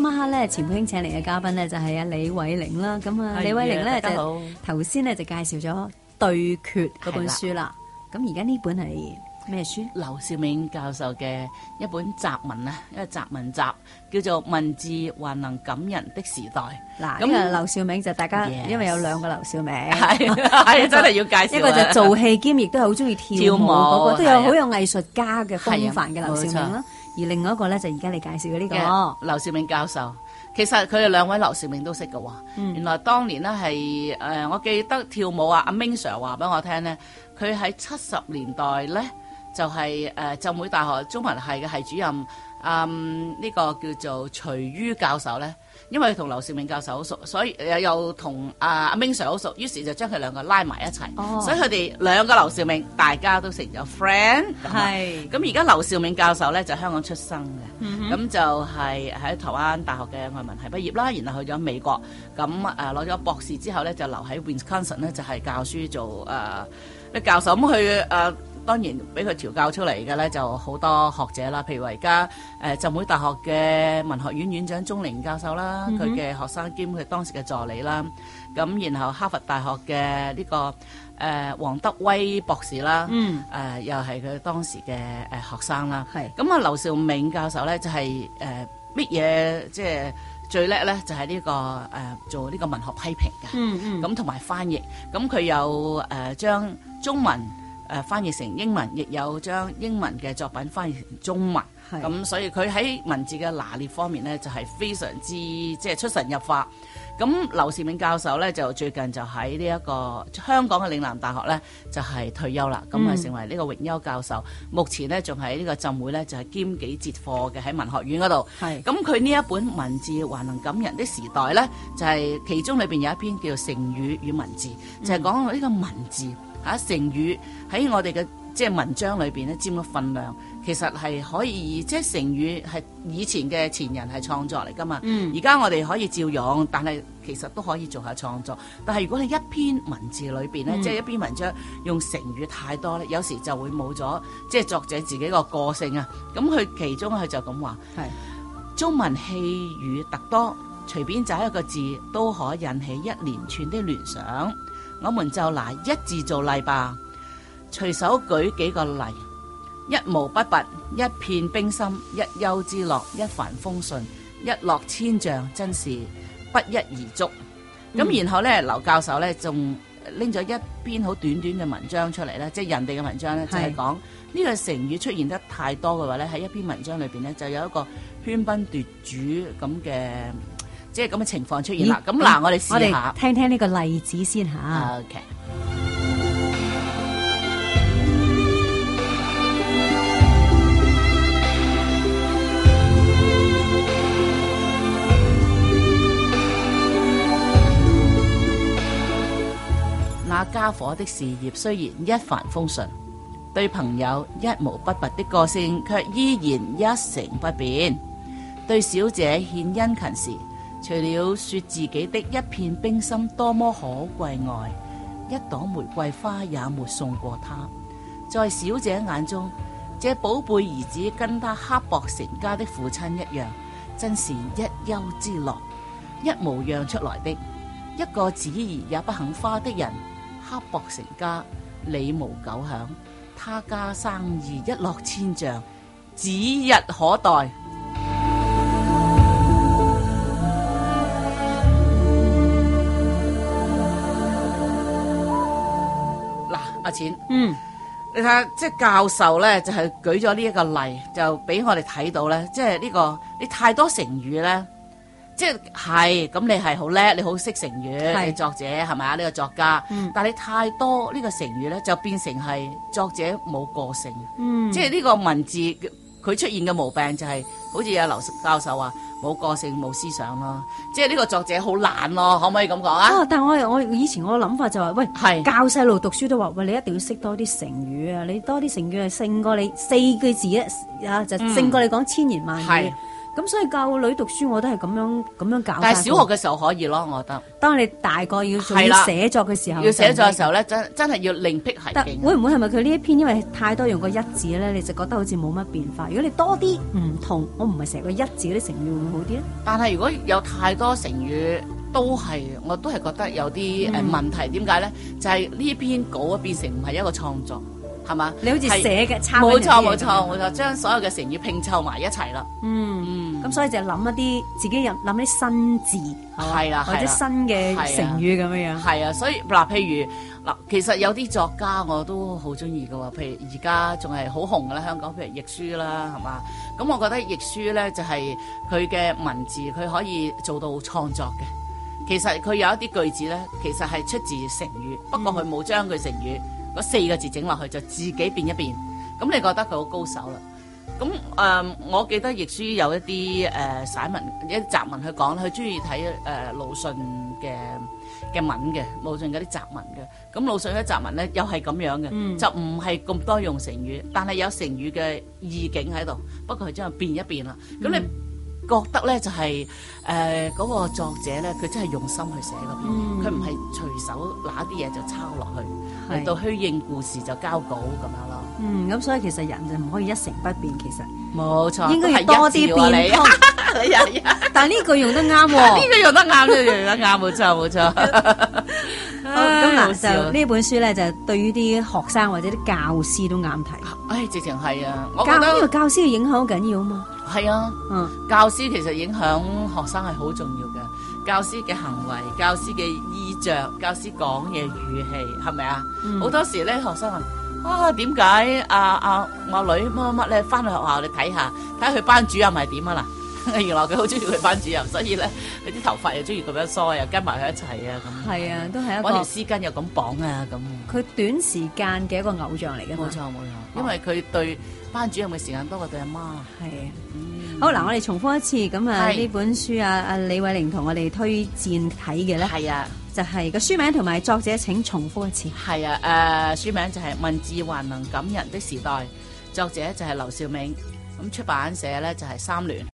今晚黑咧，潛兄請嚟嘅嘉賓咧就係阿李韡玲啦。咁啊，李韡玲咧就頭先咧就介紹咗《對決》嗰本書啦。咁而家呢本係。咩書？劉紹銘教授嘅一本雜文啊，一個雜文集，叫做《文字還能感人的時代》。嗱，咁劉紹銘就大家、yes. 因為有兩個劉紹銘，係係啊， 真係要介紹。一個就是做戲兼，亦都係好中意跳舞,跳舞、嗰個，都有好有藝術家嘅風範嘅劉紹銘啦。而另外一個咧，就而家你介紹嘅呢個劉紹銘教授，其實佢哋兩位劉紹銘都識嘅話、嗯，原來當年呢，係誒，我記得跳舞啊，阿 Ming Sir 話俾我聽咧，佢喺七十年代咧。就係誒浸會大學中文系嘅係主任，嗯，呢個叫做徐於教授咧，因為同劉紹銘教授好熟，所以又又同阿阿 Ming Sir 好熟，於是就將佢兩個拉埋一齊，所以佢哋兩個劉紹銘大家都成咗 friend。係咁，而家劉紹銘教授咧就香港出生嘅，咁就係喺台灣大學嘅外文系畢業啦，然後去咗美國，咁誒攞咗博士之後咧就留喺 Wisconsin 咧就係教書做誒啲教授咁去誒。當然俾佢調教出嚟嘅咧就好多學者啦，譬如話而家誒浸會大學嘅文學院院長鍾玲教授啦，佢、mm、嘅 -hmm. 學生兼佢當時嘅助理啦，咁然後哈佛大學嘅呢、這個誒王、呃、德威博士啦，誒、mm -hmm. 呃、又係佢當時嘅誒、呃、學生啦。咁、mm、啊 -hmm. 嗯，劉紹銘教授咧就係誒乜嘢即係最叻咧，就係、是呃、呢、就是這個誒、呃、做呢個文學批評嘅、mm -hmm. 嗯，嗯嗯，咁同埋翻譯，咁佢又誒將中文。誒、呃、翻譯成英文，亦有將英文嘅作品翻譯成中文。咁所以佢喺文字嘅拿捏方面呢，就係、是、非常之即係、就是、出神入化。咁劉紹銘教授呢，就最近就喺呢一個香港嘅嶺南大學呢，就係、是、退休啦。咁、嗯、啊成為呢個榮休教授。目前呢仲喺呢個浸會呢，就係、是、兼幾節課嘅喺文學院嗰度。咁佢呢一本文字還能感人的時代呢，就係、是、其中裏面有一篇叫成語與文字，就係講呢個文字。嗯成語喺我哋嘅即係文章裏面咧，佔咗份量，其實係可以即係成語係以前嘅前人係創作嚟㗎嘛。而、嗯、家我哋可以照用，但係其實都可以做一下創作。但係如果係一篇文字裏面，咧、嗯，即、就、係、是、一篇文章用成語太多咧，有時就會冇咗即係作者自己個個性啊。咁佢其中佢就咁話：係中文戲語特多，隨便找一個字都可引起一連串的聯想。我們就拿一字做例吧，隨手舉幾個例，一毛不拔、一片冰心、一丘之樂、一帆風順、一落千丈，真是不一而足。咁、嗯、然後呢，劉教授呢，仲拎咗一篇好短短嘅文章出嚟呢即係人哋嘅文章呢，就係講呢個成語出現得太多嘅話呢喺一篇文章裏邊呢，就有一個喧賓奪主咁嘅。即係咁嘅情況出現啦。咁嗱，我哋試下聽聽呢個例子先吓。OK，那家伙的事業雖然一帆風順，對朋友一毛不拔的個性卻依然一成不變，對小姐獻殷勤時。除了說自己的一片冰心多麼可貴外，一朵玫瑰花也沒送過他。在小姐眼中，這寶貝兒子跟他刻薄成家的父親一樣，真是一丘之貉，一模樣出來的。一個子兒也不肯花的人，刻薄成家，理無久享，他家生意一落千丈，指日可待。錢，嗯，你睇下，即係教授咧，就係、是、舉咗呢一個例，就俾我哋睇到咧，即係呢、這個你太多成語咧，即係係咁，你係好叻，你好識成語，係作者係咪啊？呢、這個作家，嗯、但係你太多呢個成語咧，就變成係作者冇個性，嗯、即係呢個文字。佢出現嘅毛病就係、是，好似阿劉教授話，冇個性冇思想咯，即係呢個作者好懶咯，可唔可以咁講啊？哦，但係我我以前我諗法就話、是，喂，教細路讀書都話，喂，你一定要識多啲成語啊，你多啲成語係勝過你四句字啊、嗯，就勝過你講千言萬語。咁所以教女讀書我都係咁樣咁樣搞。但係小學嘅時候可以咯，我覺得。當你大個要做寫作嘅時候，要寫作嘅時候咧，真真係要另辟蹊徑。會唔會係咪佢呢一篇因為太多用個一字咧，你就覺得好似冇乜變化？如果你多啲唔同，我唔係成個一字啲成語會，會好啲咧？但係如果有太多成語都係，我都係覺得有啲誒問題。點解咧？就係、是、呢篇稿變成唔係一個創作。係嘛？你好似寫嘅抄，冇錯冇錯，冇錯，將所有嘅成語拼湊埋一齊啦。嗯，咁、嗯、所以就諗一啲自己又諗啲新字，係啦、啊，或者是、啊、新嘅成語咁樣、啊、樣。係啊，所以嗱，譬如嗱，其實有啲作家我都好中意噶喎。譬如而家仲係好紅嘅咧，香港譬如亦舒啦，係嘛？咁我覺得亦舒咧就係佢嘅文字，佢可以做到創作嘅。其實佢有一啲句子咧，其實係出自成語，不過佢冇將佢成語。嗯嗰四個字整落去就自己變一變，咁你覺得佢好高手啦？咁誒，我記得亦書有一啲誒散文一啲雜文去講，佢中意睇誒魯迅嘅嘅文嘅，魯迅嗰啲雜文嘅，咁魯迅嗰啲雜文咧又係咁樣嘅，就唔係咁多用成語，但係有成語嘅意境喺度，不過佢將係變一變啦，咁你。覺得咧就係誒嗰個作者咧，佢真係用心去寫嗰篇，佢唔係隨手拿啲嘢就抄落去嚟到虛應故事就交稿咁樣咯。嗯，咁所以其實人就唔可以一成不變，其實冇錯，應該要多啲變通。一啊、 但呢句用得啱喎、啊，呢 句用得啱，呢個用得啱，冇錯冇錯。咁、 啊、就呢本書咧，就對於啲學生或者啲教師都啱睇。唉、哎，直情係啊，我覺得因為教、這個、教師嘅影響好緊要啊嘛。係啊、嗯，教師其實影響學生係好重要嘅。教師嘅行為、教師嘅衣着、教師講嘢語氣，係咪啊？好、嗯、多時咧，學生話啊，點解啊？阿、啊、我、啊啊、女乜乜咧翻去學校你睇下，睇下佢班主任係點啊啦？原來佢好中意佢班主任，所以咧佢啲頭髮又中意咁樣梳，又跟埋佢一齊啊，咁係啊，都係一個。攞條絲巾又咁綁啊，咁佢短時間嘅一個偶像嚟嘅，冇錯冇錯。因為佢對班主任嘅時間多過對阿媽係啊。嗯、好嗱，我哋重復一次咁啊呢本書啊，阿李慧玲同我哋推薦睇嘅咧，係啊，就係、是、個書名同埋作者，請重復一次係啊。誒、呃，書名就係、是《文字還能感人的時代》，作者就係劉紹銘，咁出版社咧就係三聯。